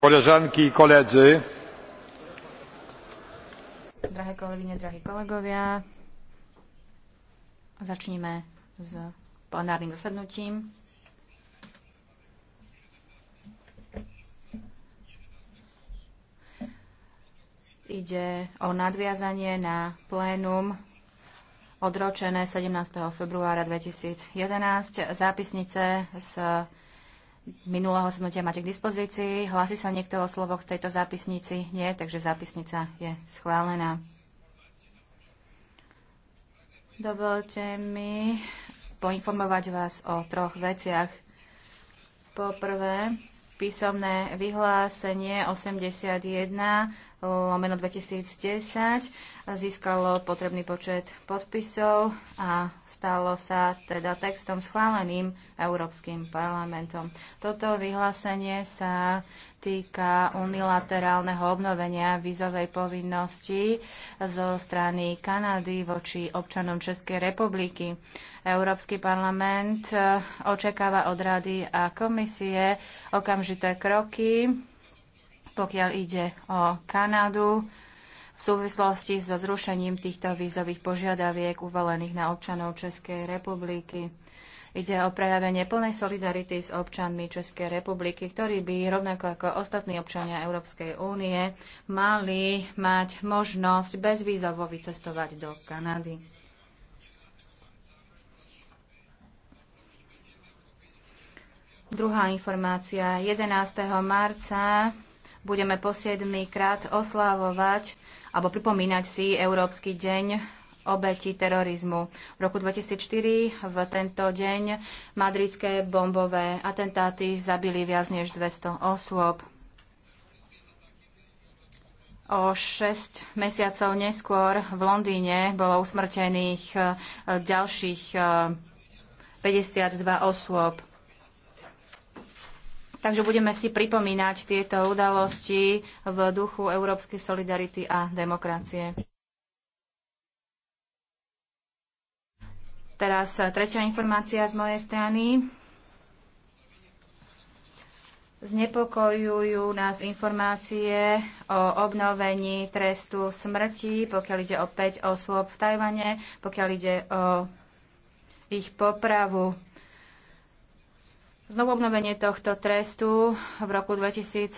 Koleżanki i koledzy. Drahé kolegyne, drahí kolegovia, Začnime s plenárnym zasadnutím. Ide o nadviazanie na plénum odročené 17. februára 2011 zápisnice z minulého sednutia máte k dispozícii. Hlási sa niekto o slovo k tejto zápisnici? Nie, takže zápisnica je schválená. Dovolte mi poinformovať vás o troch veciach. Poprvé, písomné vyhlásenie 81 lomeno 2010 získalo potrebný počet podpisov a stalo sa teda textom schváleným Európskym parlamentom. Toto vyhlásenie sa týka unilaterálneho obnovenia vízovej povinnosti zo strany Kanady voči občanom Českej republiky. Európsky parlament e, očakáva od rady a komisie okamžité kroky, pokiaľ ide o Kanadu v súvislosti so zrušením týchto vízových požiadaviek uvalených na občanov Českej republiky. Ide o prejavenie plnej solidarity s občanmi Českej republiky, ktorí by rovnako ako ostatní občania Európskej únie mali mať možnosť bezvýzovo vycestovať do Kanady. Druhá informácia. 11. marca budeme po 7 krát oslavovať alebo pripomínať si Európsky deň obeti terorizmu. V roku 2004 v tento deň madridské bombové atentáty zabili viac než 200 osôb. O 6 mesiacov neskôr v Londýne bolo usmrtených e, ďalších 52 e, osôb. Takže budeme si pripomínať tieto udalosti v duchu európskej solidarity a demokracie. Teraz eh, tretia informácia z mojej strany. Znepokojujú nás informácie o obnovení trestu smrti, pokiaľ ide o 5 osôb v Tajvane, pokiaľ ide o ich popravu. Znovu obnovenie tohto trestu v roku 2010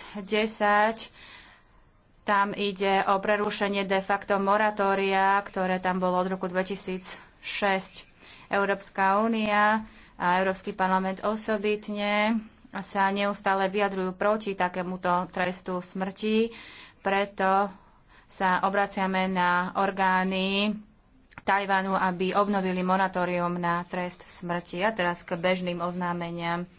tam ide o prerušenie de facto moratória, ktoré tam bolo od roku 2000 6. Európska únia a Európsky parlament osobitne sa neustále vyjadrujú proti takémuto trestu smrti, preto sa obraciame na orgány Tajvanu, aby obnovili moratórium na trest smrti. A teraz k bežným oznámeniam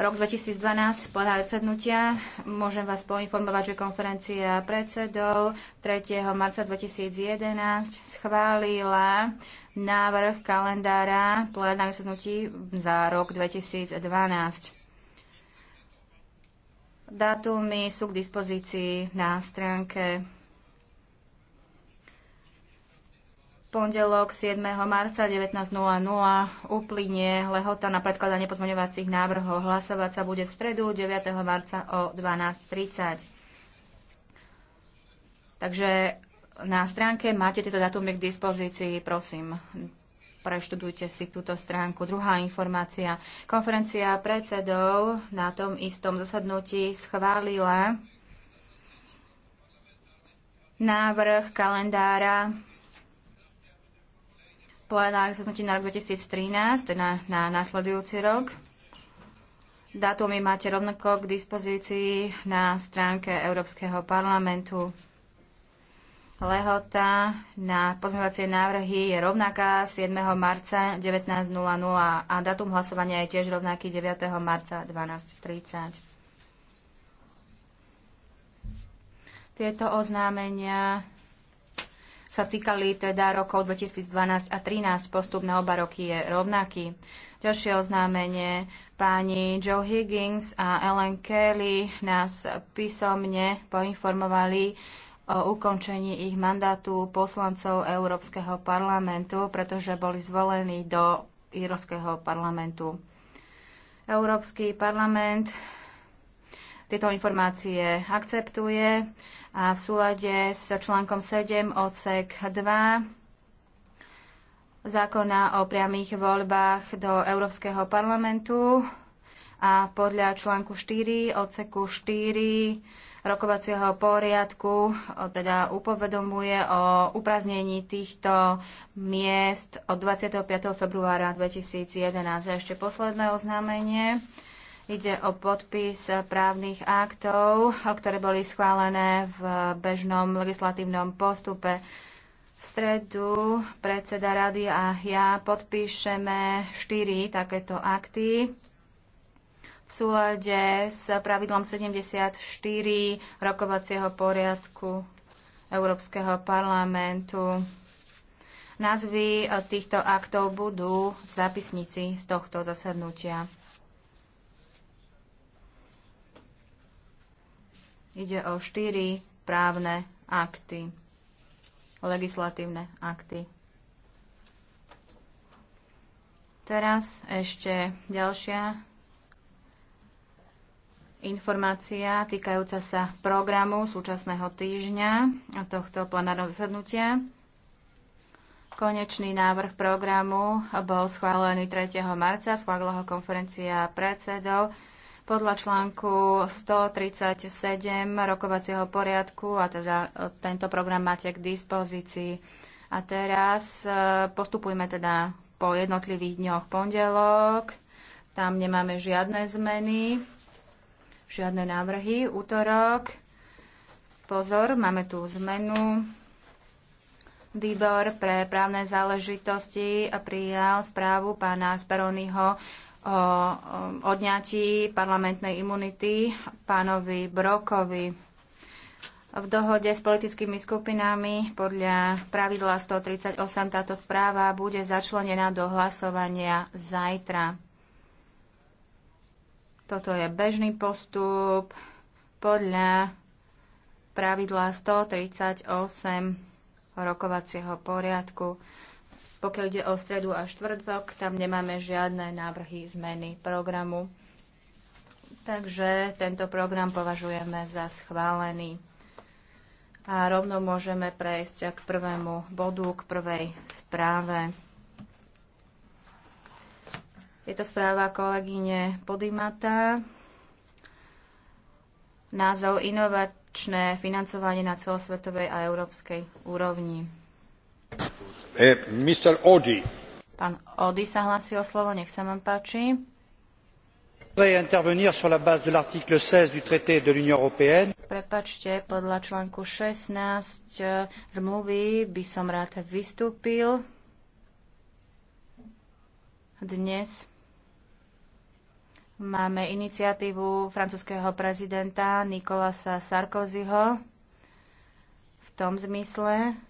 rok 2012 podľa sednutia. Môžem vás poinformovať, že konferencia predsedov 3. marca 2011 schválila návrh kalendára plenárnych sednutí za rok 2012. Dátumy sú k dispozícii na stránke pondelok 7. marca 19.00 uplynie lehota na predkladanie pozmeňovacích návrhov. Hlasovať sa bude v stredu 9. marca o 12.30. Takže na stránke máte tieto datumy k dispozícii, prosím. Preštudujte si túto stránku. Druhá informácia. Konferencia predsedov na tom istom zasadnutí schválila návrh kalendára k zasadnutie na rok 2013, teda na následujúci rok. Dátumy máte rovnako k dispozícii na stránke Európskeho parlamentu. Lehota na pozmeňovacie návrhy je rovnaká 7. marca 19.00 a datum hlasovania je tiež rovnaký 9. marca 12.30. Tieto oznámenia sa týkali teda rokov 2012 a 2013. Postup na oba roky je rovnaký. Ďalšie oznámenie. Páni Joe Higgins a Ellen Kelly nás písomne poinformovali o ukončení ich mandátu poslancov Európskeho parlamentu, pretože boli zvolení do Írskeho parlamentu. Európsky parlament tieto informácie akceptuje a v súlade s článkom 7 odsek 2 zákona o priamých voľbách do Európskeho parlamentu a podľa článku 4 odseku 4 rokovacieho poriadku teda upovedomuje o upraznení týchto miest od 25. februára 2011. A ešte posledné oznámenie. Ide o podpis právnych aktov, ktoré boli schválené v bežnom legislatívnom postupe. V stredu predseda rady a ja podpíšeme štyri takéto akty v súlade s pravidlom 74 rokovacieho poriadku Európskeho parlamentu. Názvy týchto aktov budú v zápisnici z tohto zasadnutia. Ide o štyri právne akty, legislatívne akty. Teraz ešte ďalšia informácia týkajúca sa programu súčasného týždňa a tohto plenárneho zasadnutia. Konečný návrh programu bol schválený 3. marca, schválila ho konferencia predsedov podľa článku 137 rokovacieho poriadku a teda e, tento program máte k dispozícii. A teraz e, postupujme teda po jednotlivých dňoch pondelok. Tam nemáme žiadne zmeny, žiadne návrhy. Útorok. Pozor, máme tu zmenu. Výbor pre právne záležitosti prijal správu pána Speronyho o odňatí parlamentnej imunity pánovi Brokovi v dohode s politickými skupinami podľa pravidla 138 táto správa bude začlenená do hlasovania zajtra. Toto je bežný postup podľa pravidla 138 rokovacieho poriadku. Pokiaľ ide o stredu a štvrtok, tam nemáme žiadne návrhy zmeny programu. Takže tento program považujeme za schválený. A rovno môžeme prejsť k prvému bodu, k prvej správe. Je to správa kolegyne Podimata. Názov Inovačné financovanie na celosvetovej a európskej úrovni. E, Pán Odi sa o slovo, nech sa vám páči. Prepačte, podľa článku 16 e, zmluvy by som rád vystúpil dnes. Máme iniciatívu francúzského prezidenta Nikolasa Sarkozyho v tom zmysle,